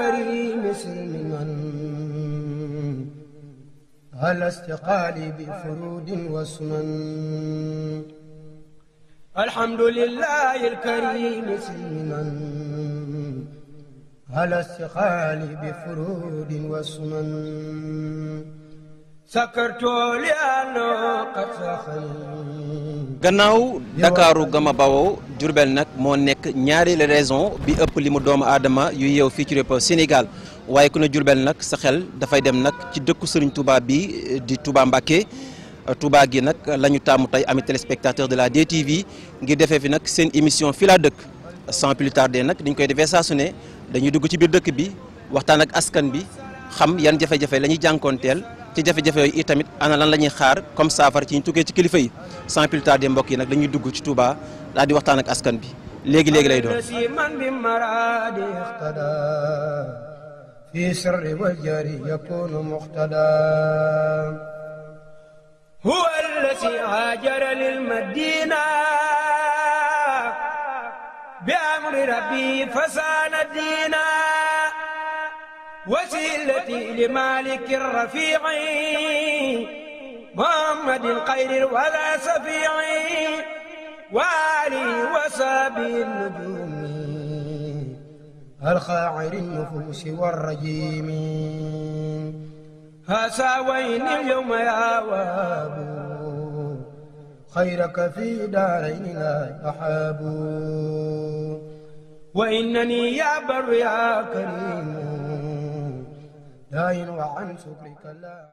الكريم سلما على استقالي بفرود وسمن الحمد لله الكريم سلما على استقالي بفرود وسمن سكرت لأنه قد سخن gannaaw dakarou Gama Bawoo Diourbel nag moo nekk ñaari raison bi ëpp li mu doomu aadama yu ci Sénégal waaye ku ne Diourbel nag sa xel dafay dem nag ci dëkku Serigne Touba bi di Touba Touba gi ami téléspectateur de la DTV ngir defee fi nag seen émission fii sans plus tarder nag dañ koy defee saa su ne dañuy dugg ci biir dëkk bi waxtaan ak askan bi xam yan ci jafé jafé yi tamit ana lan lañuy xaar comme saafara ci ñu tuké ci kilifa yi sans plus tarder mbokk yi nak dañuy dugg ci Touba daal di waxtaan ak askan bi légui légui lay doon في سر والجري يكون مقتدى هو الذي هاجر للمدينة بأمر ربي فسان وسيلتي لمالك الرفيع محمد الخير ولا سفيع والي وسابي النجوم الخاعر النفوس والرجيم هساوين اليوم يا وابو خيرك في دارين لا يحاب وإنني يا بر يا كريم دائن وعن شكرك الله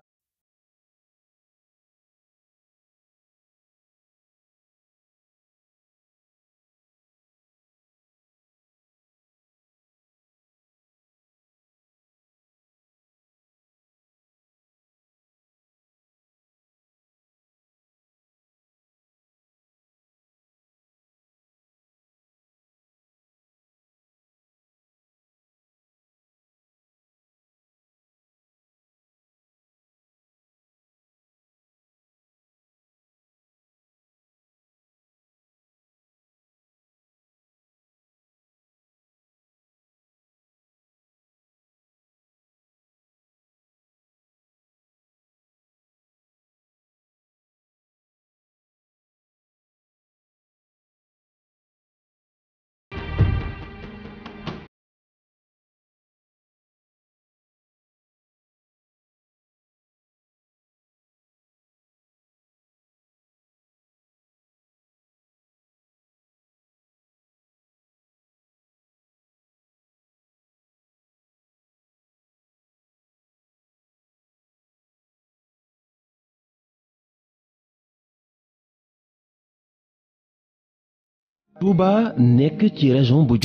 tuba Nek ci région bu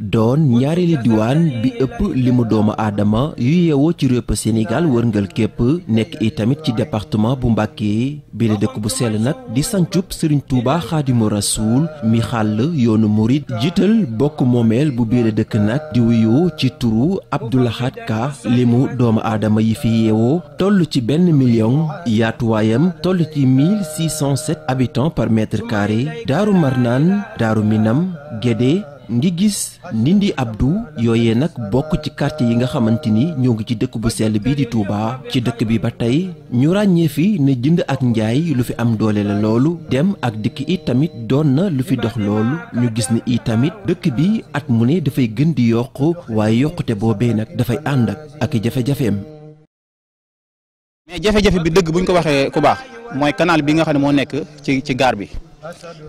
don ñaari li diwan bi ëpp limu doomu adama yu yeewoo ci répp Sénégal ngeul képp nekk itamit ci département bu mbacké bi le dëkk bu sel nak di sancub Serigne Touba Xaadimu rasoul mi xal yoonu mouride bokk momel bu biir dëkk nak di wuyu ci turu Abdoulahat Ka limu doomu adama yi fi yeewoo tollu ci ben million yaatuwaayam tollu ci 1607 habitants par mètre carré Daaru marnane daaru minam Gédé ngi gis ndindi abdu yooyee nag bokk ci quartier yi nga xamante ni ñoo ngi ci dëkk bu sell bii di Touba ci dëkk bi ba tey ñu ràññee fi ne jënd ak njaay lu fi am doole la loolu dem ak dikk it tamit doon na lu fi dox loolu ñu gis ni i tamit dëkk bi at mu ne dafay gën di yokk waaye yokkute boobee nag dafay ànd ak ak jafe-jafeem. mais bi dëgg bu ñu ko waxee ku baax bi nga xam ne moo nekk ci ci bi.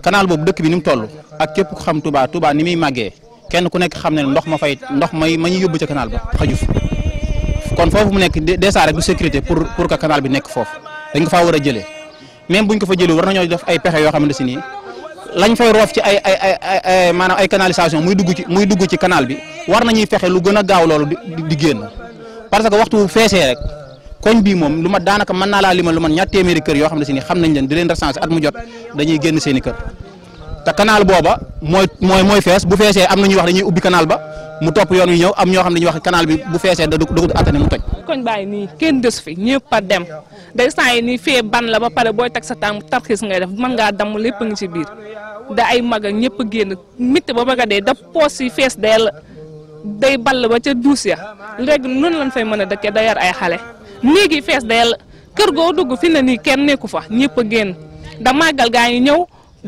canal boobu dëkk bi ni mu toll ak képp ku xam Touba Touba ni muy màggee kenn ku nekk xam ne ndox ma fay ndox may ma ñu yóbbu ca canal ba xajuf kon foofu mu nekk dèjà rek du sécurité pour pour que bi nekk foofu dañ ko faa war a jëlee même buñ ko fa jëlee war nañoo def ay pexe yoo xam ne nii lañ fay roof ci ay ay ay ay maanaam ay canalisation muy dugg ci muy dugg ci canal bi war ñuy fexe lu gën a gaaw loolu di génn parce que waxtu feesee rek. koñ bi mom luma danaka man na la lima luma ñat téméré kër yo xam seeni xam nañ leen di leen recenser at mu jot dañuy genn seeni kër ta canal boba moy moy moy fess bu fessé am nañu wax dañuy ubbi canal ba mu top yoon yu ñew am ño xam ñu wax canal bi bu fessé da du attane mu toj koñ bay ni kenn dess fi ñepp pa dem day ni ban la ba paré boy tak sa tam tarxis ngay def man nga dam lepp ngi ci biir da ay mag ak ñepp genn génn ba maga dé da posi fess del day ball ba ca ya leg nun lañ fay mëna dëkke da yar ay xalé néeg fess del keur go goo dugg fi na ni kenn neeku fa ñepp geen génn da màggal gaa yi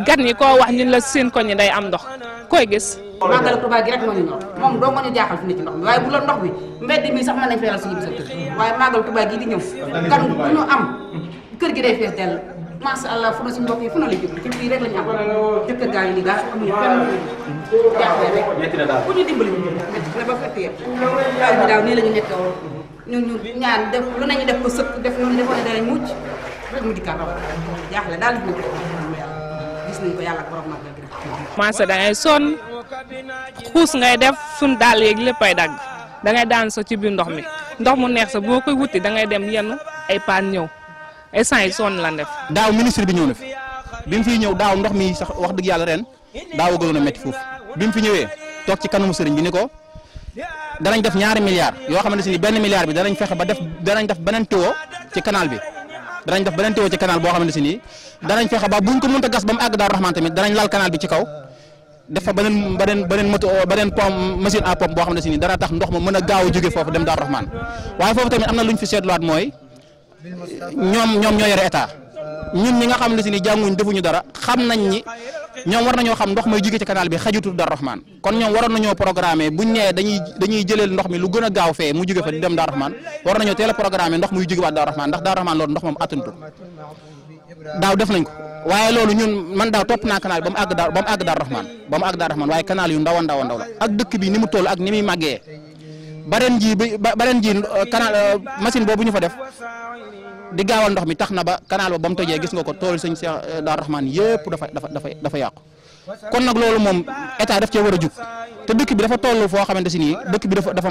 gan yi ko wax ñun la seen koñ yi day am ndox koy gis. màggal Tuubaa gi rek moo ñu ñor moom doo moo ñu jaaxal fi ni ci ndox mi bu la ndox bi mbedd mi sax mën nañ feeral suñu bisa kër waaye màggal Tuubaa gi di ñew kan bu ñu am keur gi day fees dell macha allah fu na suñu mbokk yi fu na la jëm ci fii rek la ñu am jëkkër gaa yi ni daal amuñu fenn jaaxle rek ku ñu dimbali métti na ba fekk yëpp daaw nii la ñu nekk woon ñun ñu ñaan def lu nañu def da ngay sonn xuus ngay def suñ daal yeeg ay dagg da ngay daan sa ci biir ndox mi ndox mu neex sa boo koy wuti da ngay dem yenn ay paan ñëw ay sant yi sonn lan def. daaw ministre bi ñëw na fi bi mu fiy ñëw daaw ndox mi sax wax dëgg yàlla ren daaw gënoon a métti foofu bi fi ñëwee toog ci kanamu sëriñ bi ni ko. danañ def ñaari milliards yoo xamante ni benn milliard bi danañ fexe ba def danañ def beneen tuyau ci bi danañ def beneen tuyau ci canal boo xamante ni danañ fexe ba buñ ko mënta gas ba mu àgg Daaru Rahmaan tamit danañ laal canal bi ci kaw def fa beneen beneen beneen moto beneen pompe machine à pompe boo xamante ni dana tax ndox ma mën a gaaw a jóge foofu dem Daaru Rahmaan waaye foofu tamit am na ñu fi seetluwaat mooy ñoom ñoom ñoo yore état. ñun ñi nga xam ne si ni jànguñ defuñu dara xam nañ ni ñoom war nañoo xam ndox may jóge ci canal bi xajutul Darou Rahmane kon ñoom waroon nañoo programmer buñ nee dañuy dañuy jëleel ndox mi lu gën a gaaw fee mu jóge fa di dem Darou Rahmane war nañoo teel a programmer ndox muy jóge waat Darou Rahmane ndax Darou Rahmane loolu ndox moom attantu daaw def waaye loolu ñun man daaw topp naa canal ba mu àgg da ba mu àgg Darou Rahmane ba mu àgg Darou Rahmane waaye canal yu ndaw a ndaw a ndaw la ak dëkk bi ni mu toll ak ni muy màggee bareen ji bi bareen euh, euh, boobu ñu fa def di gaawal ndox mi tax na ba canal ba ba mu tojee gis nga ko tool sëñ Cheikh eh, Daaru Rahmaan yëpp dafa dafa yàqu kon nag loolu moom état daf cee war a jug te dëkk bi dafa toll foo xamante si nii dëkk bi dafa dafa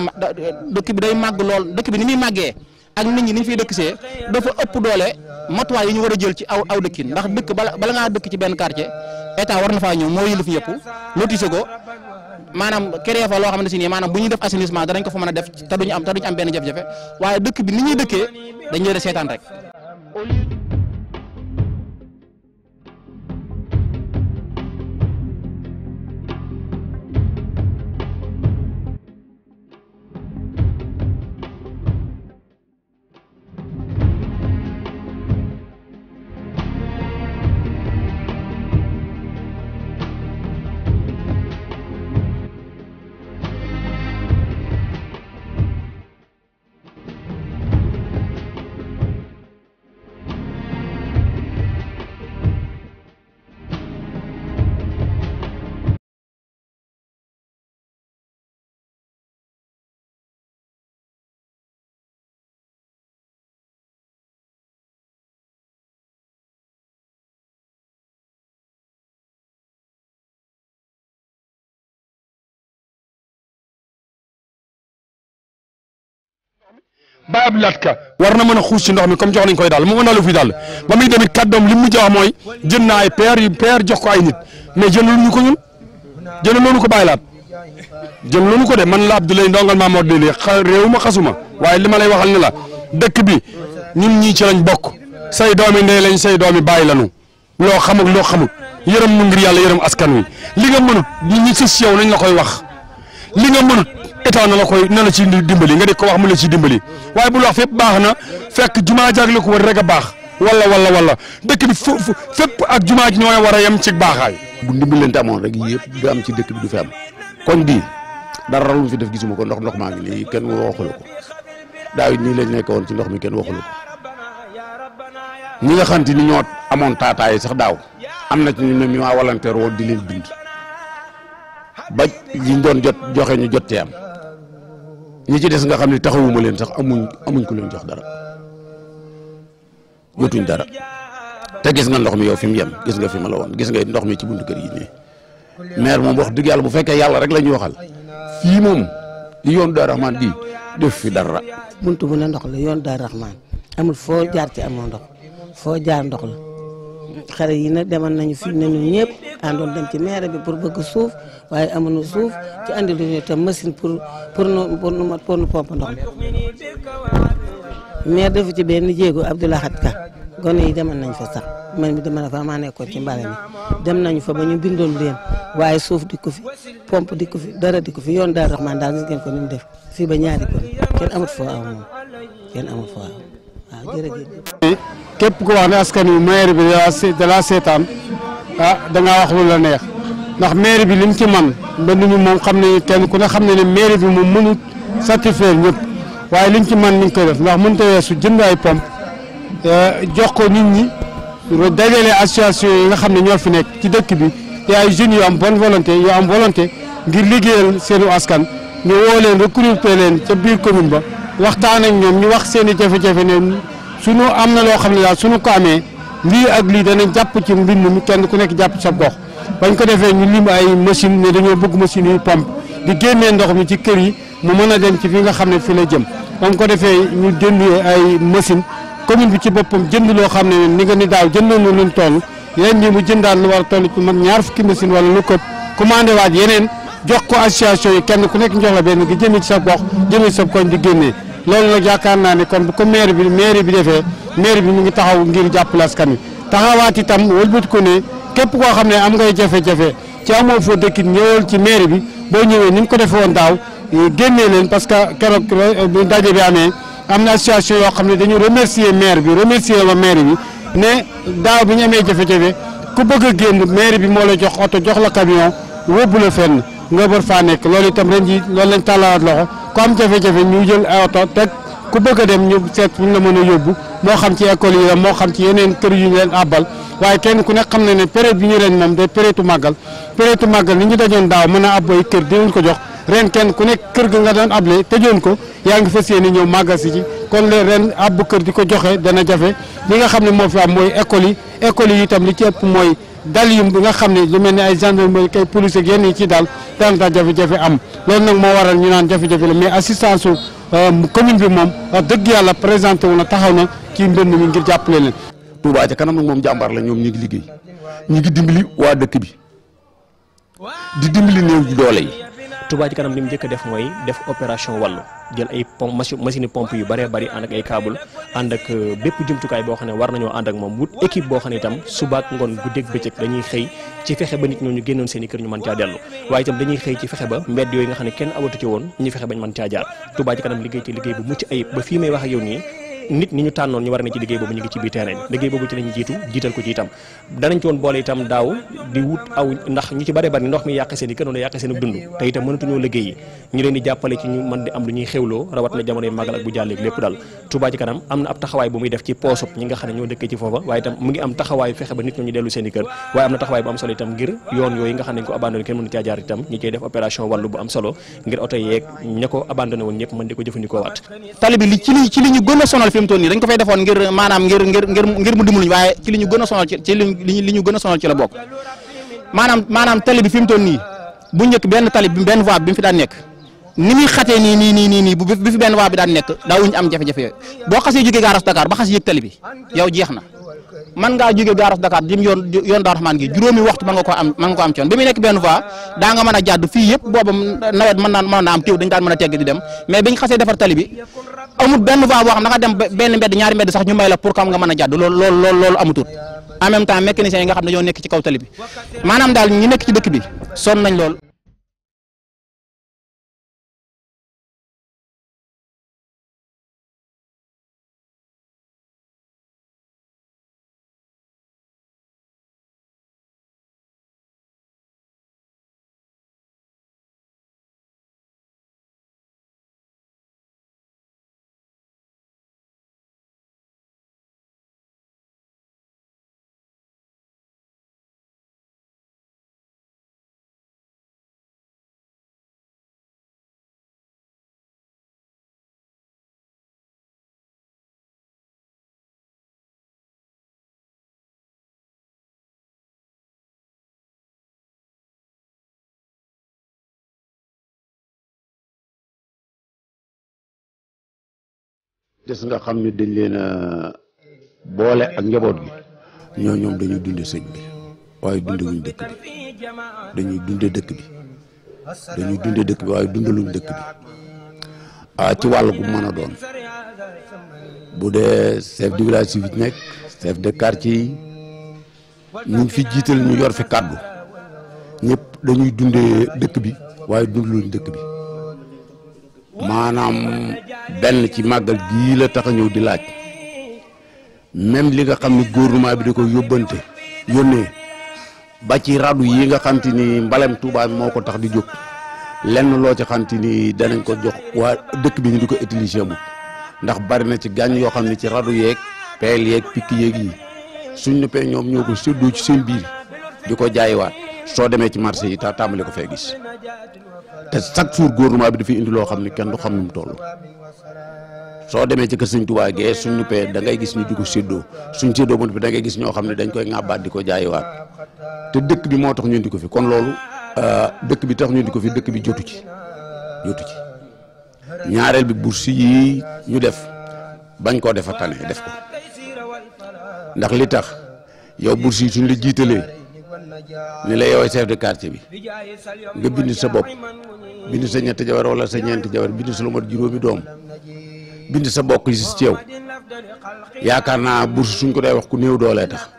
dëkk bi day màgg lool dëkk bi ni muy màggee ak ni ñi ni ñu fiy dëkk see dafa ëpp doole matuwaay yi ñu war a jël ci aw aw dëkkin ndax dëkk bala bala ngaa dëkk ci benn quartier état war na faa ñëw moo yëlif ñëpp lotise ko maanaam créé fa loo xam ne si nii maanaam bu ñuy def assainissement danañ ko fa a def te duñu am te duñu am benn jafe-jafe waaye dëkk bi ni ñuy dëkkee dañ leen a seetaan rek bàyyi ab laat war na mën a xuus ci ndox mi comme jox nañ koy daal mu mën a lu fi daal ba muy demit kàddoom li mu mujj wax mooy jënd na ay peer yu jox ko ay nit mais jëndul ñu ko ñun jënd loonu ko bàyyi laat jënd loonu ko de man la Abdoulaye Ndongal Mamadou Dédé réew ma xasuma waaye li ma lay waxal ne la dëkk bi ñun ñii ci lañ bokk say doomi ndey lañ say doomi bàyyi lanu loo xamul loo xamul yërëm mu ngir yàlla yërëm askan wi li nga mënut ñi ñu sës yow nañ la koy wax li nga mënut état na la na la dimbali nga di ko wax mu la ci dimbali waaye bu la wax baax na fekk jumaa jaag la ko war a baax wala wala wala dëkk bi fu fépp ak jumaa war a yem ci baaxaay. bu ndimbalante amoon rek yëpp du am ci dëkk bi du fi am koñ bii dara lu fi def gisuma ko ndox ndox maa ngi nii kenn waxula ko daaw it leen lañ woon ci ndox mi kenn waxula ko ñi nga xam te ni ñoo amoon taataay sax daaw am na ci ñu ne mi waa volontaire woon di leen bind ba liñ doon jot joxe ñu jot ci am. ñi ci dess nga xamni ne taxawuma len sax amuñ amuñ ku len jox dara jotuñ dara te gis nga ndox mi yow fim mu yem gis nga fima la won gis nga ndox mi ci buntu kër yi ni mer mom wax dug yalla bu fekke yalla rek la waxal fi mom di yon da Rahman di def fi dara. buntu bu ne ndox la yon da Rahman amul fo jaar ci amoo ndox fo jaar ndox la xare yi nag demal nañu fi nañu ñepp andon dem ci maire bi pour bëgg suuf waye amuñu suuf ci andi lu ñu tam machine pour pour nu pour nu pour nu pompe ndox mais defu ci benn jéego abdullah Ka gone yi demoon nañ fa sax man mi dama na fa maa nekkoon ci mbale mi dem nañu fa ba ñu bindoon leen waye suuf ko fi pompe ko fi dara ko fi yoon dar rahman dal ngeen ko ñu def fi ba ñaari ko ken amut foo am ken kenn amut foo aw waaw jërëjëf. képp wax ne askan yu maire bi de la setan ah da nga wax lu la neex. ndax maire bi mu ci man benn mi moom xam ne kenn ku ne xam ne ne maire bi moom mënut satisfaire ñëpp waaye lim ci man mi ngi koy def ndax mënut a weesu jënd ay pompe euh, jox ko ni ñi dajale association yi nga xam ne ñoo fi nekk ci dëkk bi yaay ay jeunes yu am bonne volonté yu am volonté ngir liggéeyal seeni askan ñu woo leen recruter leen ca biir commune ba waxtaan ak ñoom ñu wax seen i jafe-jafe ne sunu am na loo xam ne daal sunu ko amee lii ak lii dana jàpp ci mbind mi kenn ku nekk jàpp ci bañ ko defee ñu lim ay machine ne dañoo bëgg machine yu pompe di génnee ndox mi ci kër yi mu mën a dem ci fi nga xam ne fi la jëm bañ ko defee ñu jënd ay machine commune bi ci boppam jënd loo xam ne ni nga ni daaw jëndoon na luñ toll leen nii mu jëndaan lu war a toll ci ñaar fukki machine wala lu ko commandé waat yeneen jox ko association yi kenn ku nekk njox la benn gi jëmee ci sa gox jëmee sa koñ di génnee loolu nag naa ne kon bu ko maire bi maire bi defee maire bi mu ngi taxaw ngir jàppale askan wi taxawaat itam wëlbati képp koo xam ne am nga jafe-jafe ci amoo foo dëkkit ñëwal ci mairie bi boo ñëwee ni ñu ko defe woon daaw eh, génnee leen parce que keroog bu daje bi amee am na association yoo xam ne dañu remercier maire bi remercier ma maire bi ne daaw bi ñu amee jafe-jafe ku bëgg a génn maire bi moo la jox oto jox la camion wóbbu la fenn nga bër faa nekk loolu itam ren ji loolu lañ tàllalaat loxo ko am jafe-jafe ñu jël ay oto teg ku bëgg dem ñu seet fu ñu la mën a yóbbu moo xam ci école yi la moo xam ci yeneen kër yu ñu leen àbbal waaye kenn ku nekk xam na ne période bi ñu ren moom day période màggal période màggal li ñu dajoon daaw mën a abbay kër dinañ ko jox ren kenn ku nekk kër ga nga doon able tëjoon ko yaa ngi fa yéene ñëw màggal si ci kon le ren abbu kër di ko joxe dana jafe li nga xam ne moo fi am mooy école yi école yi itam li ci ëpp mooy dal yu bi nga xam ne lu mel ni ay gendarmerie kay police ak yenn yi ci daal daan taa jafe-jafe am loolu nag moo waral ñu naan jafe la mais assistance su euh, commune bi moom dëgg yàlla présenté wu na taxaw na ki mbenn mi ngir jàppale len Touba ca kanam mom jambar la ñom ñi ngi liggey ñi ngi dimbali wa dekk bi di dimbali neew ju doole yi. Touba ci kanam li jëk def moy def opération wallu jël ay pompe machine pompe yu bare bare and ak ay câble and ak euh, bepp jumtukaay kay bo xane war nañu and ak mom wut équipe bo xane tam suba ak ngoon guddeeg bëccëg dañuy xey ci fexé ba nit ñu génnoon seen kër ñu man ca delu waye tam dañuy xey ci fexé ba mbedd yoy nga xane kenn awatu ci won ñi fexé bañ man ca jaar Touba ci kanam liggéey ci liggéey bu mucc ayib ba fi may wax ak yow ni nit ñi ñu tannon ñu war na ci liggéey bobu ñu ngi ci bi terrain liggéey ci lañu jitu jital ko ci itam ci won boole itam daw di wut aw ndax ñu ci bari bari ndox mi yaq seen i kër noonu seen dund te itam mënatuñoo liggéey yi ñu leen di jappalé ci ñu mën di am lu ñuy xewlo rawat na jamono magal ak bu jàlleeg lepp dal tuba ci kanam amna ab taxaway bu muy def ci poosub ñi nga xam wa ñoo dëkkee ci fofa waye itam mu ngi am taxaway fexé ba nit ñu dellu seen i kër waaye am bu am solo itam ngir yoon yoy nga xam ko abandonné kenn mënu ci jaar itam ñi cey def opération walu bu am solo ngir ko mën di ko gëna sonal fi mu toll nii dañ ko fay defoon ngir maanaam ngir ngir mu dimbaluñ waaye ci li gën a sonal ci ci gën a sonal ci la maanaam maanaam tali bi fi mu toll nii bu njëkk benn tali bi benn voie bi mu fi daan nekk ni muy xatee nii ni ni nii nii bu bi fi benn voie bi daan nekk daawuñu am jafe-jafe yooyu boo xasee jógee gaaras Dakar ba xas yëg tali bi yow jeex na man ngaa jóge gaaras Dakar jëm yoon yoon gi juróomi waxtu man nga ko am man bi muy nekk benn fois daa nga mën a jàdd fii yëpp booba nawet mën naa mën naa am tiw dañ daan mën a tegg di dem mais biñ xasee defar tali bi benn fois boo xam da dem benn mbedd ñaari mbedd sax ñu may la pour kam nga mën a jàdd lool lool lool loolu amutut temps mécaniciens nga xam ne ñoo nekk ci kaw tali maanaam daal ñi nekk ci dëkk bi sonn nañ lool des nga xam ne dañ leen a boole ak njaboot gi ñoo ñoom dañuy dunde sëñ bi waaye dundewuñ dëkk bi dañuy dunde dëkk bi dañuy dunde dëkk bi waaye dundaluñ dëkk bi ah ci wàll gu mën doon bu dee chef de village yi fi nekk chef de quartier fi jiital ñu yor fi kàddu ñëpp dañuy dunde dëkk bi waaye dundaluñ dëkk bi maanaam benn ci màggal gii la tax a ñëw di laaj même li nga xam ni gouvernement bi di ko yóbbante yónnee ba ci radu yi nga xam te ni mbalem Touba moo ko tax di jóg lenn loo ci xam te ni danañ ko jox waa dëkk bi ñu di ko utiliser mu ndax bari na ci gaañ yoo xam ne ci radu yeeg peel yeeg pikk yeeg yi suñ ne ñoom ñoo ko séddoo ci seen biir di ko jaayiwaat. so demee ci marché yi ta tàmbali ko fay gis té chaque jour gouvernement bi fi indi lo xamni kenn du xam ni mu toll soo ci kër seigne touba gee suñu pé da ngay gis ñu di ko séddoo suñ bon bi da ngay gis ño xamni dañ koy ŋàbbaat di ko jaayiwaat té dëkk bi mo tax ñu indi ko fi kon loolu euh, dëkk bi tax ñu indi ko fi dëkk bi jotu ci jotu ci ñaareel bi bourse yi ñu def bañ ko defa tané def ko ndax li tax yow bourse yi suñu la jiitalee ni lay yow chef de quartier bi nga bindu sa bop bindu sa ñett jawar wala sa ñent jawar bindu sa lu mat juróomi doom bind sa bokk ci ci yow yaakaar bourse suñ ko day wax ku neew doole tax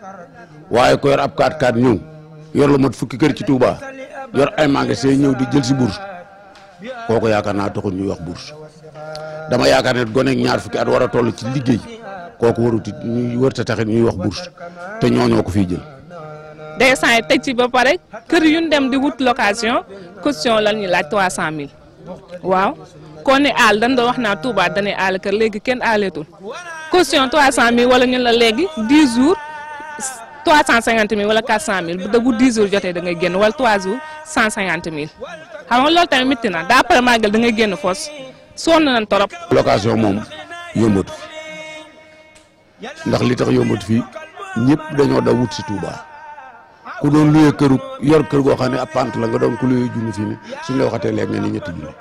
waye ko yor ab kaat kaat ñu yor lu mat fukki keer ci Touba yor ay magasin ñew di jël ci bourse koko yaakaar taxu ñu wax bourse dama yaakaar gone ak ñaar fukki at wara tollu ci liggey koko waru ñuy wërta taxit ñuy wax bourse te ñoño ko fi jël descent yi tëj ci ba pare kër yu ñu dem di wut location caution lan ñu laaj 300000 waaw koo ne aal dañ wax naa Touba dañuy aal kër léegi kenn aaleetul caution 300000 wala ñu la léegi 10 jours 350000 wala 400000 bu dëggu 10 jours jotee da ngay génn wala 3 jours 150000 xam nga loolu tamit métti na daa pare màggal da ngay génn foos sonn nañ torop. location moom yombatu fi ndax li tax yombatu fi ñëpp dañoo daw wut si Touba. ku doon luyee këru yor kër goo xam ne ab pant la nga doon ku luyee junni fii ne suñ la waxatee léegi nga ni ñetti junni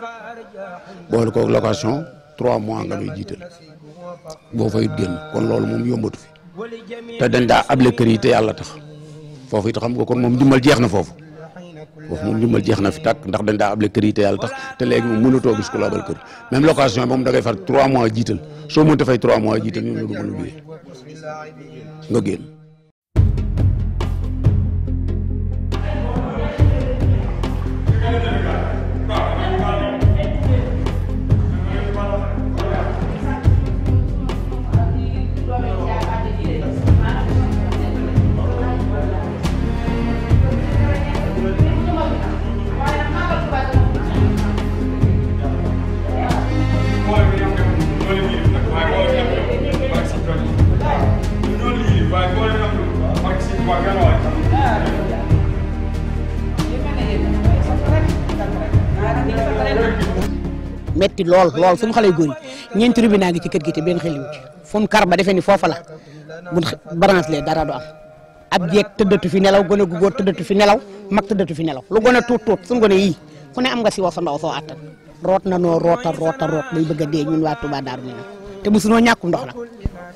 boole ko location trois mois nga may jiital boo fayut génn kon loolu moom yombatu fi te dañ daa able kër yi te yàlla tax it xam nga kon moom dimbal jeex na foofu foofu moom dimbal jeex na fi tàkk ndax dañ daa able kër yàlla tax te léegi moom mënatoo gis ku la abal kër même location moom da ngay far trois mois jiital soo mënta fay trois mois jiital ñoom ñoo du nga génn together. metti lool lool suñu xale yu ñeenti rubi naa ngi ci kër gi te benn xel ci fun kar ba defee ni foofa la mun le dara du am ab jeeg tëddatu fi nelaw gone gu góor tëddatu fi nelaw mag tëddatu fi nelaw lu gone tuut tuut suñu gone yii ku ne am nga si wax sa ndaw soo attan root na noo roota roota root bay bëgg a dee ñun waa te Darou sunoo te mosunoo ndox nag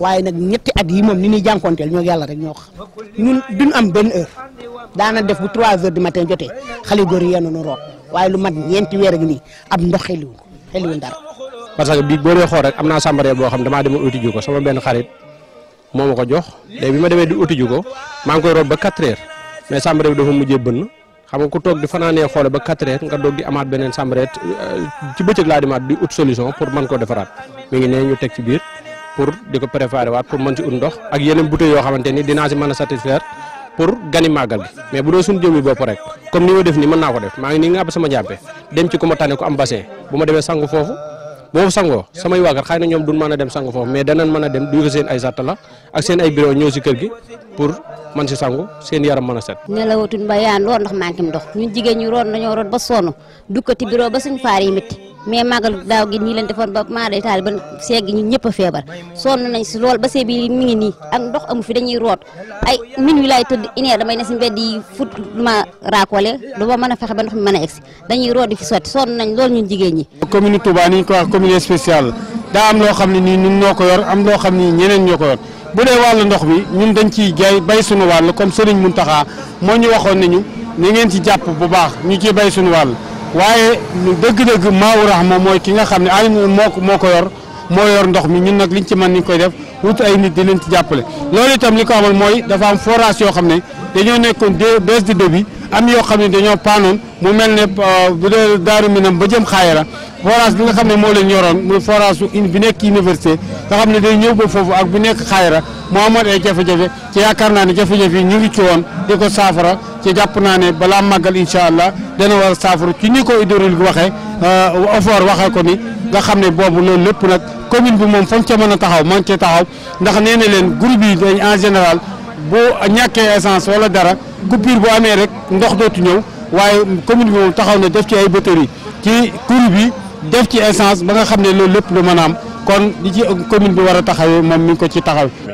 waaye nag ñetti at yi moom ni ñuy jànkonteel ñoo yàlla rek ñoo xam ñun am benn heure daana def bu 3 heures du matin jotee xale góor yi yéen waaye lu mat ñeenti weer ak nii ab ndox xeliwu ko xeliwul dara parce que bii boo dee xool rek am naa sàmbaree boo xam damaa demoon uti ji ko sama benn xarit moo ma ko jox léegi bi ma demee di uti ko maa ngi koy rob ba 4 heures mais sàmbaree bi dafa mujjee bënn xam nga ku toog di fanaanee xoole ba 4 heures nga doog di amaat beneen sàmbaree euh, ci bëccëg laa demaat di ut solution pour mën koo defaraat mu ngi ne ñu teg ci biir pour di ko préparer waat pour mën ci ut ndox ak yeneen bouteilles yoo xamante ni dinaa si mën a pour gani màggal gi mais bu doon suñu jëmmi bopp rek comme ni ma def nii mën naa ko def maa ngi nii nga àbb sama jàppe dem ci ku ma tànne ko am bassin bu ma demee sangu foofu boobu sangoo samay waagar xëy na ñoom dun mën a dem sangu foofu mais danañ mën a dem duy fa seen ay sàttala ak seen ay bureau ñëw si kër gi pour man si sangu seen yaram mën a set nelawatuñ ba yaan lool ndax manqué ndox ñun jigéen maa day taal a feebar nii ak ndox a fexe a egsi dañuy root di fi sotti sonn am loo xam nii ñeneen ñoo bu dee wàllu ndox mi ñun dañ ciy jaay bay suñu wàll comme Sëriñ Muntaxa moo ñu waxoon ne ñu ni ngeen ci jàpp bu baax ñu ciy bay suñu wàll waaye dëgg-dëgg maawu rahma mooy ki nga xam ne ali moo ko moo ko yor moo yor ndox mi ñun nag liñ ci mën ni koy def wut ay nit di leen ci jàppale loolu itam li ko amal mooy dafa am forage yoo xam ne dañoo nekkoon bees di débit am yoo xam ne dañoo paanoon mu mel ne euh, bu dee daaru minam ba jëm xaayara forage bi nga xam ne moo leen yoroon muy forage su bi nekk université nga xam ne day ñëw ba foofu ak bu nekk xaayara moo amoon ay jafe-jafe ci yaakaar naa ne jafe-jafe ñu ngi ci woon di ko saafara ci jàpp naa ne balaa màggal incha allah dana war a saafara ci ni ko hydraulique waxee effort euh, waxee ko ni nga xam ne boobu loolu lépp nag commune bi moom fañ ca mën a taxaw man cee taxaw ndax nee na leen groupe yi dañ en général boo ñàkkee essence wala dara coupure bu amee rek ndox dootu ñëw waaye commune bi moom taxaw na def ci ay batterie ci kuri bi def ci essence ba nga xam ne loolu lépp lu mën kon li ci commune bi war a taxawee moom mi ngi ko ci taxaw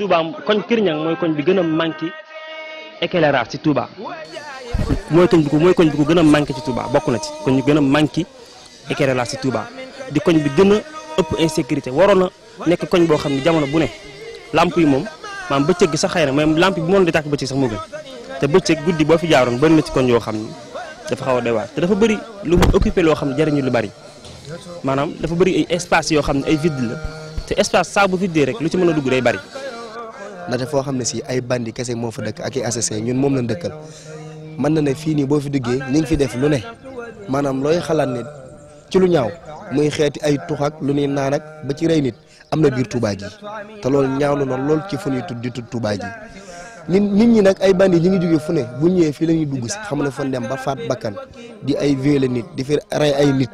Touba koñ Kër Niang mooy koñ bi gën a manqué éclairage ci Touba mooy koñ ko mooy koñ bi ko gën a manqué ci Touba bokk na ci koñ bi gën a manqué éclairage ci Touba di koñ bi gën a ëpp insécurité waroon na nekk koñ boo xam ne jamono bu ne lamp yi moom maam bëccëg gi sax xëy na même lamp yi bu mënoon di tàkk bëccëg sax moo gën te bëccëg guddi boo fi jaaroon bëri na ci koñ yoo xam ne dafa xaw a waar te dafa bëri lu mu occupé loo xam ne jariñu lu bari maanaam dafa bëri ay espace yoo xam ne ay vide la te espace saabu bu rek lu ci mën a dugg day bari ndaxte foo xam ne si ay bandi kese moo fa dëkk ak i assassin ñun moom lañ dëkkal mën na ne fii nii boo fi duggee ñu fi def lu ne maanaam looy xalaat ne ci lu ñaaw muy xeeti ay tux lu ñuy naan ak ba ci rey nit am na biir Touba gi te loolu ñaaw na noonu lool ci fu ñuy tudd di tudd Touba nit nit ñi nag ay bandi ñi ngi jóge fu ne bu ñëwee fii la ñuy dugg si xam ne fa dem ba faat bakkan di ay violé nit di fi rey ay nit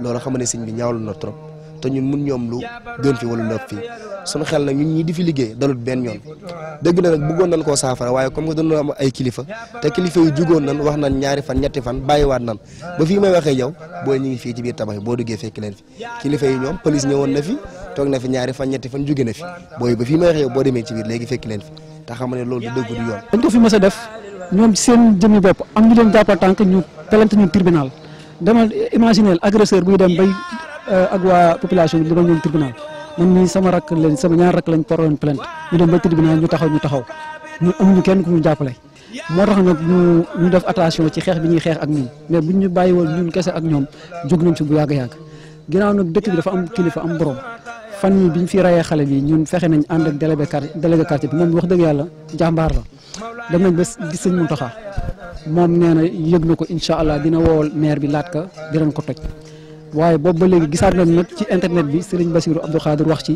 loolu xam ne sëñ bi ñaawlu na trop te ñun mun ñoom lu gën fi wala lépp fii suñu xel nag ñun ñii di fi liggéey dalut benn yoon dëgg na nag bëggoon nañ koo saafara waaye comme que dañoo am ay kilifa te kilifa yu jugoon nañ wax nañ ñaari fan ñetti fan bàyyiwaat nañ ba fii may waxee yow booy ñu ngi fii ci biir tabax boo duggee fekk leen fi kilifa yi ñoom police ñëwoon na fi toog fi ñaari fan ñetti fan jóge ba fii may waxee yow boo demee ci biir léegi fekk leen fi te xam ne loolu du dëgg du yoon. dañ ko fi mës a def ñoom seen jëmmi bopp am ñu leen jàppal tànk ñu pelante ñu tribunal dama imaginer agresseur buy dem bay euh, ak waa population bi dama ñoom tribunal man mii sama rakk leen sama ñaar rakk lañ poroon plainte ñu dem ba tribunal ñu taxaw ñu taxaw ñu amuñu kenn ku ñu jàppale. moo tax nag ñu ñu def attention ci xeex bi ñuy xeex ak ñun mais buñ ñu bàyyi woon ñun kese ak ñoom jóg nañ si bu yàgg yàgg ginnaaw nag dëkk bi dafa am kilifa am borom. fan yi ñu fi rayee xale bi ñun fexe nañ ànd ak délégué quartier délégué quartier bi moom wax dëgg yàlla jàmbaar la dem nañ ba gis sëñ Muntaxa moom nee na yëg na ko incha allah dina wowal maire bi laat ka dinañ ko toj waaye boobu ba léegi gisaat nañ nag ci internet bi Serigne Bassirou Abdou Khadir wax ci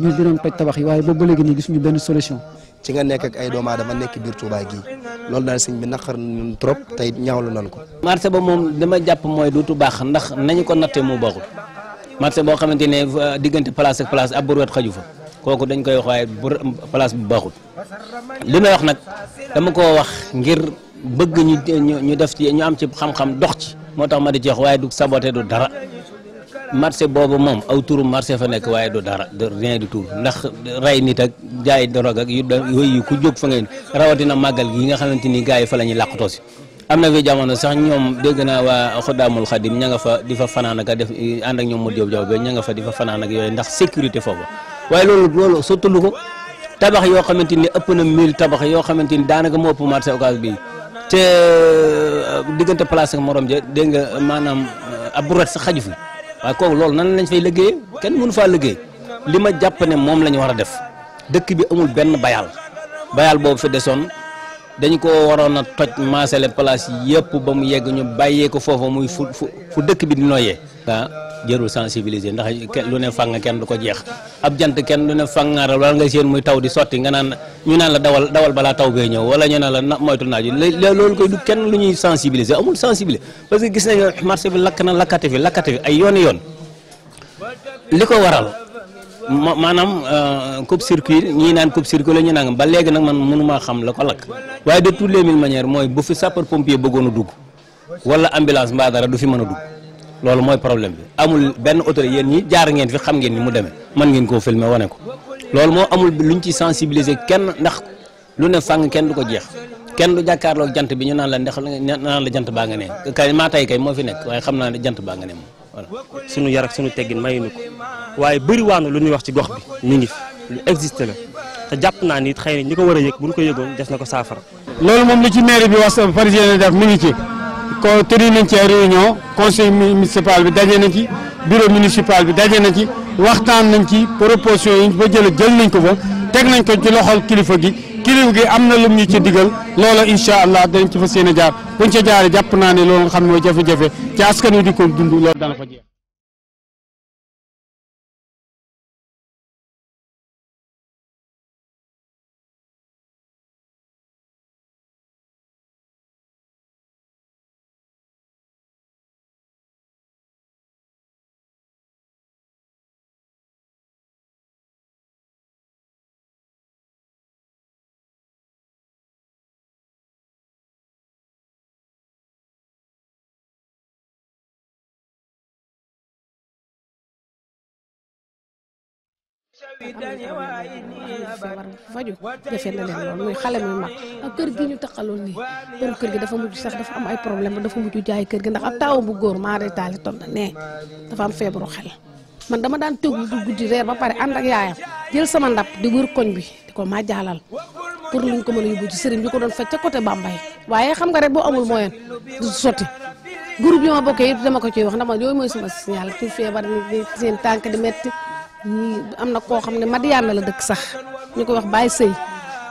ñu dinañ toj tabax yi waaye boobu ba léegi nii gisuñu benn solution. ci nga nekk ak ay doomu aadama nekk biir Touba gii loolu daal sëñ bi naqar nañ trop tey ñaawlu nañ ko. marché ba moom dama jàpp mooy duutu baax ndax nañu ko nattee mu baaxul marché boo xamante ne euh, diggante place ak place ab burwet xaju fa kooku dañ koy wax waaye place bu baaxul li may wax nag dama koo wax ngir. bëgg ñu ñu def ci ñu am ci xam-xam dox ci moo tax ma di jeex waaye du saboté du dara marché boobu mom aw turu marché fa nekk waaye du dara de rien du tout ndax rey nit ak jaay drogue ak yu yooyu ku jóg fa ngeen gi nga ni fa la ñuy làqatoo si fi jamono sax ñoom dégg naa waa Xudaamul fa di fa fanaan ak def ànd ak ñoom mu jóob jaww ña fa di fa fanaan ak yooyu ndax sécurité foofu waaye loolu loolu sottalu ko tabax yoo xamante ni ëpp na mille tabax yoo xamante ni daanaka moo marché occas bi te euh, diggante place ak morom ja dégg nga maanaam euh, ab ruret sax xaju fi waaye kooku loolu nan lañ fay liggéey kenn mënu faa liggéey li ma jàpp ne moom la ñu war a def dëkk bi amul benn bayal bayal boobu fi desoon dañu ko waroon a toj maasale place yëpp ba mu yegg ñu bàyyee ko foofa muy fu fu dëkk bi di nooyee waaw jërul sensibiliser ndax lu ne fang kenn du ko jeex ab jant kenn lu ne fangaaral wala nga seen muy taw di soti nga nan ñu nan la dawal dawal balatau taw bee ñew wala ñu nan la moytu ji lool koy du kenn lu ñuy sensibiliser amul sensibiliser parce que gis nañu marché bi lak na lakati fi lakati fi ay yoon yoon liko waral manam euh, coupe circuit ñi nan coupe circuit la ñu nang ba légui nak man mënumaa xam lako lak waye de toutes les mille manières moy bu fi sapeur pompier bëggono wala ambulance mbaa du fi mëna loolu mooy problème bi amul benn autorité yéen ñi jaar ngeen fi xam ngeen mu demee mën ngeen koo filmer wane ko loolu kenn ndax lu ne kenn du ko jeex kenn du jàkkaarloog jant bi ñu naan la ndax naan la jant baa nga ne kay maa tey kay moo fi nekk waaye xam naa ne jant baa nga ne moom voilà. sunu yar ak sunu teggin mayuñu ko waaye bëri waanu lu ñuy wax ci gox bi ñu ngi fi lu existe la te jàpp naa ni it xëy na ñi ko war a yëg bu ñu ko yëgoon des na ko saafara. loolu ci. ko tëri nañ ci ay réunion conseil municipal bi daje na ci bureau municipal bi daje na ci waxtaan nañ ci proposition yi ba jël jël nañ ko ba teg nañ ko ci loxol kilifa gi kilifa gi am na lum ñu ci digal loola incha allah dañ ci fas yéene jaar buñ ca jaaree jàpp naa ne loolu nga xam ne mooy jafe-jafe ci askan wi di ko dund loolu dana fa jeex. feebar faju jafe na leen lool muy xale muy mag ak kër gi ñu taxaloon nii borom kër gi dafa mujj sax dafa am ay problème dafa mujj jaay kër gi ndax ab taawam bu góor maa retaali ton na nee dafa am feebaru xel man dama daan tëgg du guddi ba pare ànd ak yaayam jël sama ndab di wër koñ bi di ko maa jaalal pour luñ ko mën a yóbbu ci sëriñ bi ko doon faj ca côté Bambay waaye xam nga rek boo amul moyen du sotti groupe yi ma bokkee yëpp dama ko ciy wax ndax man yooyu mooy sama signal ci feebar seen tànk di metti ñii am na koo xam ne Madiyaana la dëkk sax ñu ko wax Baye Sëy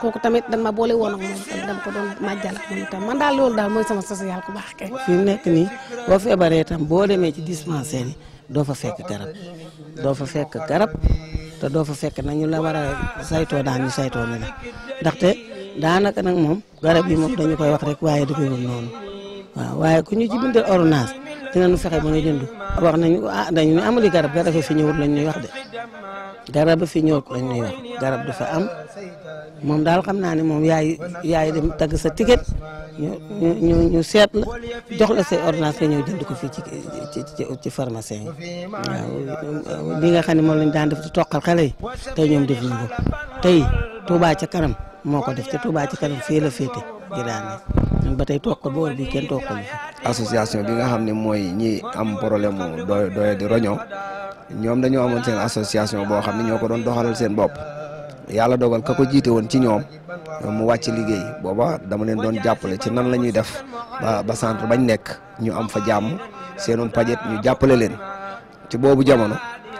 kooku tamit dan ma boole woon ak moom tamit dama ko doon màjjal ak moom man daal loolu daal mooy sama social ku baax kay. fi mu nekk nii boo feebaree tam boo demee ci dispensaire yi doo fa fekk garab doo fa fekk garab te doo fa fekk nag ñu la war a saytoo daan ñu saytoo ne la ndaxte daanaka nag moom garab yi moom dañu koy wax rek waaye demewul noonu waaw waaye ku ñu ci bindal ordonnance dinañu fexe ba nga jënd wax nañu ah dañu ne amali garab garab fi ñëwul lañ ñuy wax de. garab fi ñor ko lañuy wax garab du fa am moom daal xam naa ne moom yaay yaay dem tagg sa ticket ñu ñu ñu seet la jox la say ordonnance nga fii ci ci ci pharmacien yi waaw li nga xam ne moom lañ daan def di toqal xale yi tey ñoom def ñu tey Touba ca kanam moo ko def te Touba ca kanam fii la féete. jiraan ba tey toog ko boor bi kenn toog ko association bi nga xam ne mooy ñi am problème mu doy di roño ñoom dañoo amoon seen association boo xam ne ñoo ko doon doxalal seen bopp yàlla dogal ka ko jiite woon ci ñoom mu wàcc liggéey booba dama leen doon jàppale ci nan la ñuy def ba ba centre bañ nekk ñu am fa jàmm seenoon pajet ñu jàppale leen ci boobu jamono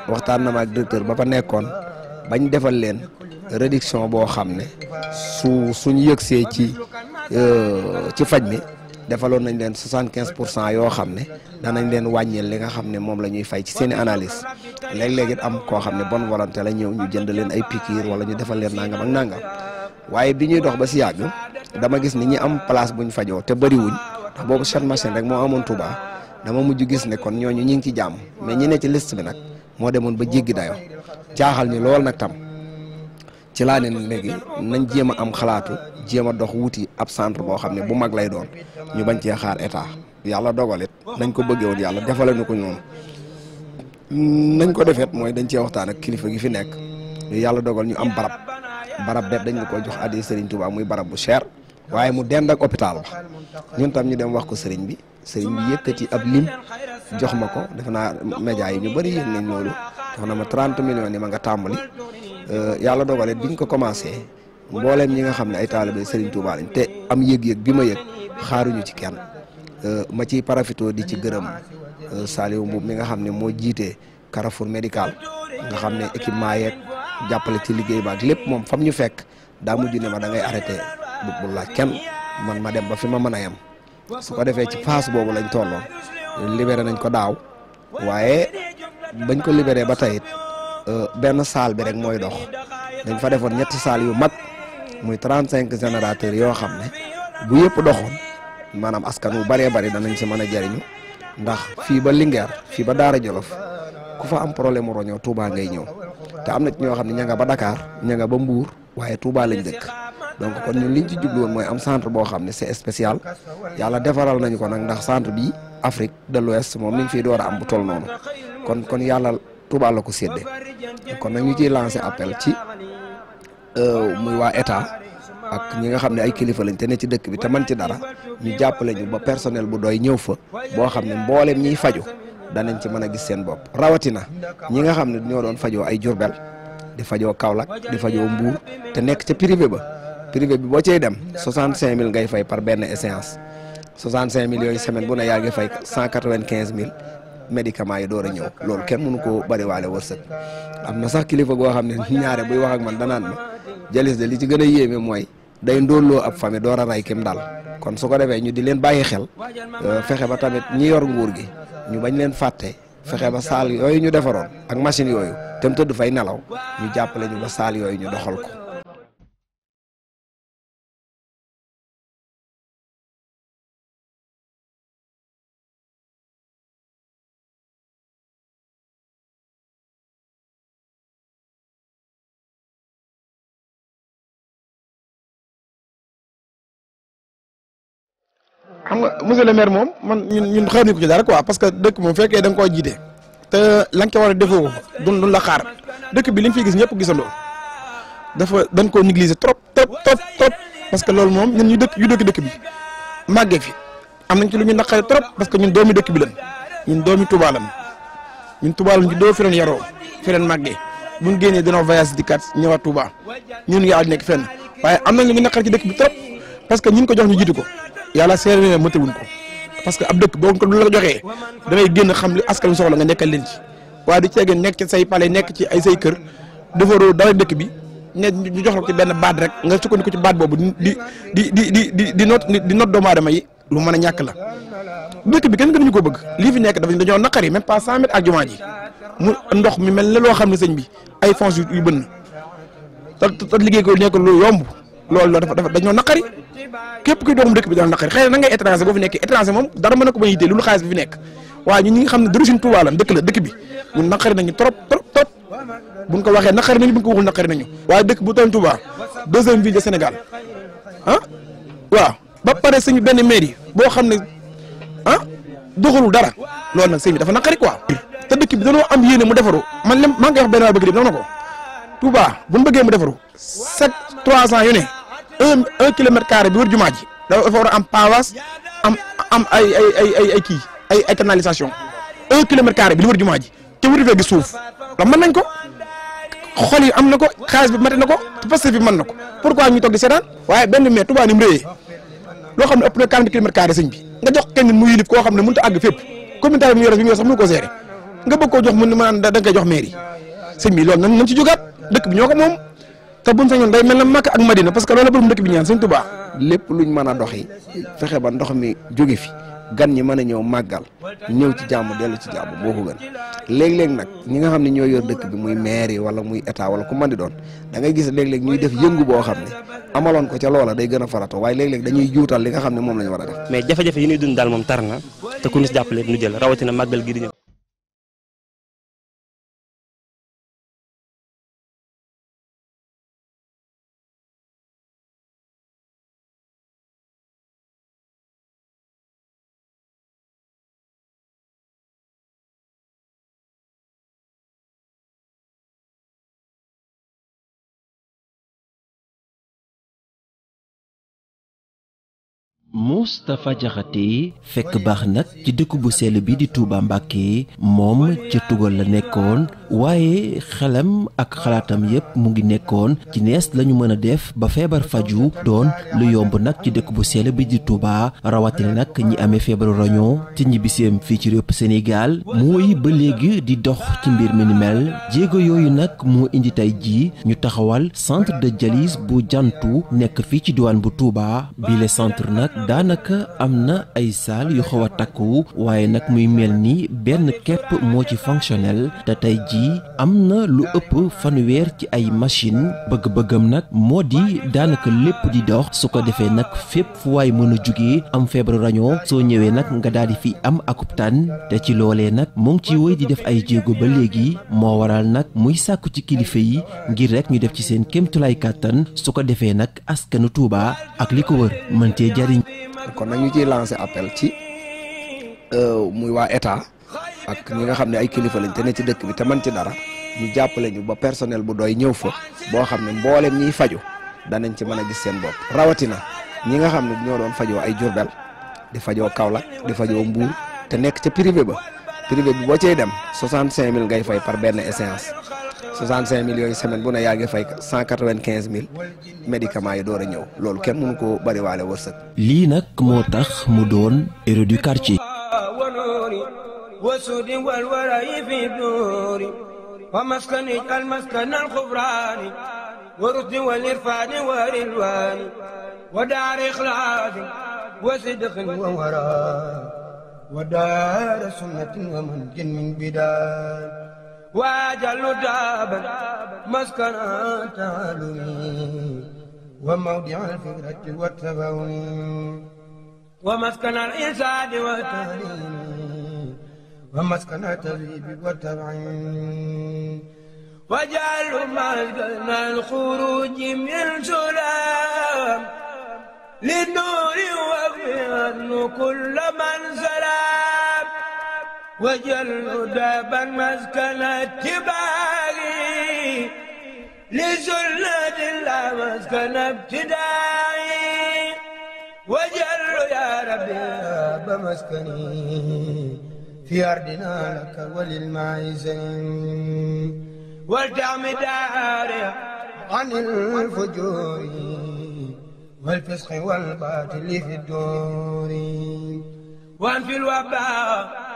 waxtaan na ma ak ba pa nekkoon bañ defal leen réduction boo xam ne su suñ see ci Euh, ci faj mi defaloon nañ leen soixante quinze pour cent yoo xam ne daanañ leen wàññil li nga xam ne moom la ñuy fay ci seen i analyse léeg-léeg am koo xam ne bonne volonté la ñëw ñu jënd leen ay piqûre wala ñu defal leen nangam ak nangam waaye bi ñuy dox ba si yàgg dama gis ni ñi am place buñ fajoo te bëriwuñ boobu chat machine rek moo amoon Touba dama mujj gis ne kon ñooñu ñi ngi ci jàmm mais ñi ne ci liste bi nag moo demoon ba jéggi dayoo jaaxal ñu lool nag tam. ci laa ne léegi nañ jéem a am xalaatu jéem a dox wuti ab centre boo xam ne bu mag lay doon ñu bañ cee xaar état yàlla dogal it nañ ko bëggee woon yàlla defale ñu ko noonu nañ ko defeet mooy dañ cee waxtaan ak kilifa gi fi nekk yàlla dogal ñu am barab barab bet dañ ko jox addi Serigne Touba muy barab bu cher waaye mu dend ak hôpital ba ñun tam ñu dem wax ko sëriñ bi Serigne bi yëkkati ab lim jox ma ko defe naa média yi ñu bëri yéen nañ loolu jox na ma trente millions yi ma nga tàmbali. Euh, yàlla dogalee biñ ko commencé mbooleem ñi nga xam ne ay taalibe Serigne Touba lañ te am yëg-yëg bi ma yëg xaaruñu ci kenn euh, ma ciy parafito di ci gërëm euh, Saliou Mboub mi nga xam ne moo jiite Carrefour médical nga xam ne équipement yeeg jàppale ci liggéey ba ak lépp moom fam ñu fekk daa mujj ne ma da ngay arrêté bu bu laaj kenn man ma dem ba fi ma mën a yem su ko defee ci phase boobu lañ tolloon libéré nañ ko daaw waaye bañ ko libéré ba tey ben salle bi rek moy dox dañ fa defoon ñet salle yu mat muy 35 générateur yo xamne bu yëpp doxon manam askan wu bari bari dañ ci mëna jariñu ndax fi ba Linguère fi ba dara Jolof ku fa am problème roño Touba ngay ñëw te amna ci ño xamne ñanga ba Dakar ñanga ba Mbour waye Touba lañ dëkk donc kon ñun liñ ci djublu won moy am centre bo xamne c'est spécial yalla défaral nañu ko nak ndax centre bi Afrique de l'Ouest mom ñu fi doora am bu toll non kon kon yalla Touba la ko séddee kon nak ñu ci lancer appel ci eh, muy wa état ak ñi nga xam ay kilifa lañ té né ci dëkk bi té man ci dara ñu jappalé ñu ba personnel bu doy ñëw fa bo xam mbolém ñi faju da nañ ci mëna gis seen bopp rawatina ñi nga xam ñoo doon faju ay Jurbel di faju kaolak di faju Mbuur té nek ci privé ba privé bi bo cey dem 65000 ngay fay par ben essence 65000 yooyu semaine bu na yaa fay 195000 médicament yi door a ñëw loolu kenn mënu koo bariwaale wërsëg am na sax kilifa goo xam ne ñaare buy wax ak man danaan ma jalis de li ci gën a yéeme mooy day ndóolloo ab fami door a rey kim dal kon su ko defee ñu di leen bàyyi xel euh, fexe ba tamit ñi yor nguur gi ñu bañ leen fàtte fexe ba saal yooyu ñu defaroon ak machine yooyu te mu tëdd fay nelaw ñu jàppale ñu ba saal yooyu ñu doxal ko xam nga monsieur le maire moom man ñun ñun xaar ko ci dara quoi parce que dëkk moom fekkee da nga koo jiite te la nga ko war a defoo ko dun la xaar dëkk bi liñ fi gis ñëpp gisandoo dafa dañ koo négliger trop trop trop trop loolu moom ñun dëkk fi am ci lu ñu naqare trop parce que ñun doomi dëkk bi lan ñun doomi Touba lan ñun Touba ñu doo fi leen yaroo fi leen màggee bu ñu génnee dañoo voyage di kat ñëwaat Touba ñun yaa nekk fenn waaye am na lu ñu naqare ci dëkk bi trop parce ñun ko jox ñu jiitu ko yàlla seer ne mëte ko parce que ab dëkk boo ko du la joxee da génn xam li askan soxla nga nekkal leen ci waaye du ceegee nekk ci say palais nekk ci ay say kër defaroo dara dëkk bi ne ñu jox la ci benn baat rek nga sukkandiku ci baat boobu di di di di di di not di not doomu aadama yi lu mën a ñàkk la dëkk bi kenn gënuñu ko bëgg lii fi nekk dafa dañoo naqari même pas cent mètres ak jumaa ji mu ndox mi mel ne loo xam ne señ bi ay fonds yu bënn te te liggéey ko nekk lu yomb loolu dafa dafa dañoo naqari képp kuy doomu dëkk bi dana naqari xëy na na ngay étranger boo fi nekkee étranger moom dara mën na ko bañ a yittee loolu xaalis bi fi nekk waaye ñun ñi nga xam ne d'origine Touba la ko waxee naqari nañu buñ ko waxul naqari nañu waaye dëkk bu toll Touba deuxième ville de Sénégal ah waaw ba pare suñu benn mairie boo xam ne ah doxalul dara loolu nag sëñ bi dafa naqari quoi te dëkk bi dañoo am yéene mu defaru man ne maa ngi koy wax benn waa bëgg dé na ko bu buñ bëggee mu defaru chaque trois ans yu ne un un kilomètre carré bi wër jumaa ji dafa war a am pavage am am ay ay ay ay ki ay ay canalisation un kilomètre carré bi li wër jumaa ji te wër fe gis souf la mën nañ ko xol yi am na ko xaalis bi mate na ko te fas bi mën na ko pourquoi ñu toog di seetaan waaye benn mais Touba ni mu lo loo ëpp na 40 kilomètres carré sëñ bi nga jox kenn mu yilif ko xam mu ta ag fepp fépp bi mu yore bi mu sax mënu ko gérer nga bëgg koo jox mu ne maanaam da nga jox mairie sëñ bi lool nan nañ ci jógaat dëkk bi ñoko mom ta buñ sañoon day melna makk ak Madina parce que loolu borom dëkk bi ñaan señ touba lepp luñ mëna doxi ba ndox mi joggé fi gan ñi mëna a ñëw màggal ñëw ci jàmm delu ci jàmm boo gën léeg-léeg nak ñi nga xamni ne ñoo yor dëkk bi muy maire wala muy état wala ku mën di doon da ngay gis léeg-léeg ñuy def yëngu bo xamni amalon ko ci loola day gëna farato way léeg-léeg dañuy juutal li nga xamni mom lañu wara def mais jafé jafé yi ñuy dund dal mom tarna te ku ñu jappalé ñu jël na magal gi di ñëw Mustafa Jakhati fek bax nak ci dekk bu sel bi di Touba Mbacké Mom, ci tugal la nekkoon waye xalam ak xalatam yep mu ngi nekkoon ci nees lañu mëna def ba feebar faju don lu yomb nak ci dekk bu sel bi di Touba rawati nak ñi amé feebaru roño ci bisem fi ci Sénégal mu ba légui di dox ci mbir mi ni mel jéego yoyu nak mo indi tay ji ñu taxawal centre de dialyse bu jantu nek fi ci diwaan bu Touba bile centre Da daanaka am na ay saal yu xaw a takku waaye nag muy mel ni benn kepp moo ci fonctionnel te tey jii am na lu ëpp fanweer ci ay machine bëgg-bëggam nag moo di daanaka lépp di dox su ko defee nag fépp fu waay mën a am feebaru rañoo soo ñëwee nag nga daal di fi am akub te ci loolee nag mu ngi ci wéy di def ay jéego ba léegi moo waral nag muy sàkku ci kilifa yi ngir rek ñu def ci seen kéemtulaay kàttan su ko defee nag askanu tuubaa ak li ko wër mën cee jariñ kon nag ñu ciy lancé appel ci euh, muy waa état ak ñi nga xam ne ay kilifa lañ te ne ci dëkk bi te man ci dara ñu jàppale ñu ba personnel bu doy ñëw fa boo xam ne mboolem ñi faju danañ ci mën a gis seen bopp rawatina ñi nga xam ne ñoo doon fajoo ay Jurbel di fajoo Kaolack di fajoo Mbuur te nekk ca privé ba privé bi boo cay dem mille ngay fay par benn séance 65 mille yooyu semaine bu ne yaa ngi fay 195 mille médicaments yi door a ñëw loolu kenn mënu koo bariwaale wërsëg. lii nag moo tax mu doon héros du quartier. وسود والورى في الدور ومسكن المسكن الخبران ورد والإرفان ورلوان ودار إخلاص وصدق ووراء ودار سنة ومنج من بدار واجعل دابا مسكن تعلمي وموضع الفكرة والتفاهم ومسكن الإنسان والتعليم ومسكن التدريب والتبعين وجعل مسكن الخروج من سلام للنور وفي كل منزل وجل دابا مسكن اتباعي لسنة الله مسكن ابتدائي وجل يا ربي دابا مسكني في أرضنا لك وللمعزين والدعم داري عن الفجور والفسخ والباطل في الدور في الوباء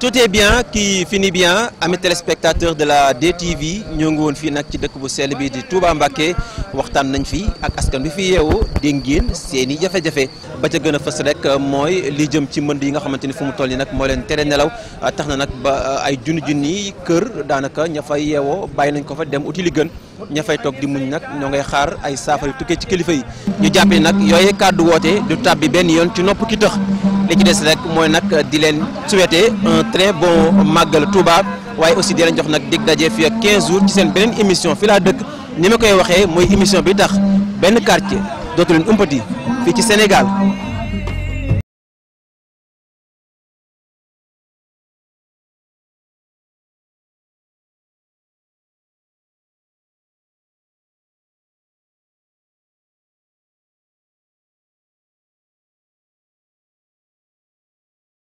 tout est bien qui finit bien amis téléspectateurs de la DTV ñoo ngi woon fii nag ci dëkk bu sell bi di Touba Mbacké waxtaan nañ fi ak askan bi fi yeewoo dégg ngeen seen i jafe-jafe ba ca gën a fës rek mooy li jëm ci mbënd yi nga xamante ni fu mu toll nii nag moo leen tere nelaw tax na nag ba ay junni junni kër daanaka ña fay yeewoo bàyyi nañ ko fa dem uti li gën. ñafay tok di muñ nak xaar ay qui ci kilifa yi. ñu jappé nak yoyé cadeau woté du tabbi ben yoon ci nopp ki li ci des rek moy nak di souhaiter un très bon magal Touba waye aussi di len jox nak dig dajé fi 15 jours ci sen émission fi dëkk ni ma koy waxé émission bi tax benn quartier dootu leen umpati fi ci Sénégal.